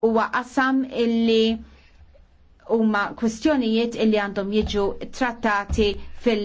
huwa qasam illi huma kwistjonijiet illi għandhom jiġu trattati fil-